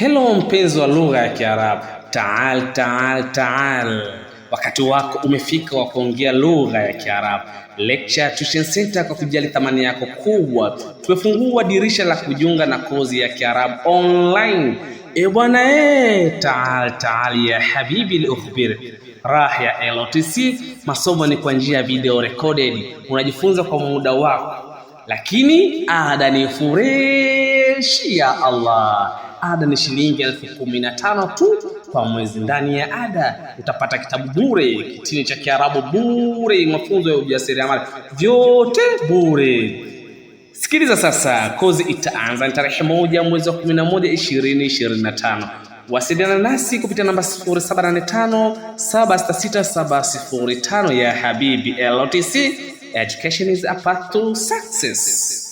Hello mpenzi wa lugha ya Kiarabu, taal taal taal, wakati wako umefika wa kuongea lugha ya Kiarabu. Lecture Tuition Center kwa kujali thamani yako kubwa, tumefungua dirisha la kujiunga na kozi ya Kiarabu online. E bwana e, taal taal ya habibi liukhbir rah ya LTC. Masomo ni kwa njia ya video recorded, unajifunza kwa muda wako, lakini ada ni furee kumrejeshia Allah. Ada ni shilingi elfu kumi na tano tu kwa mwezi. Ndani ya ada utapata kitabu bure, kitini cha Kiarabu bure, mafunzo ya ujasiriamali vyote bure. Sikiliza sasa, kozi itaanza ni tarehe moja mwezi wa 11 2025. Wasiliana nasi kupitia namba 0785 ya Habibi LTC. Education is a path to success.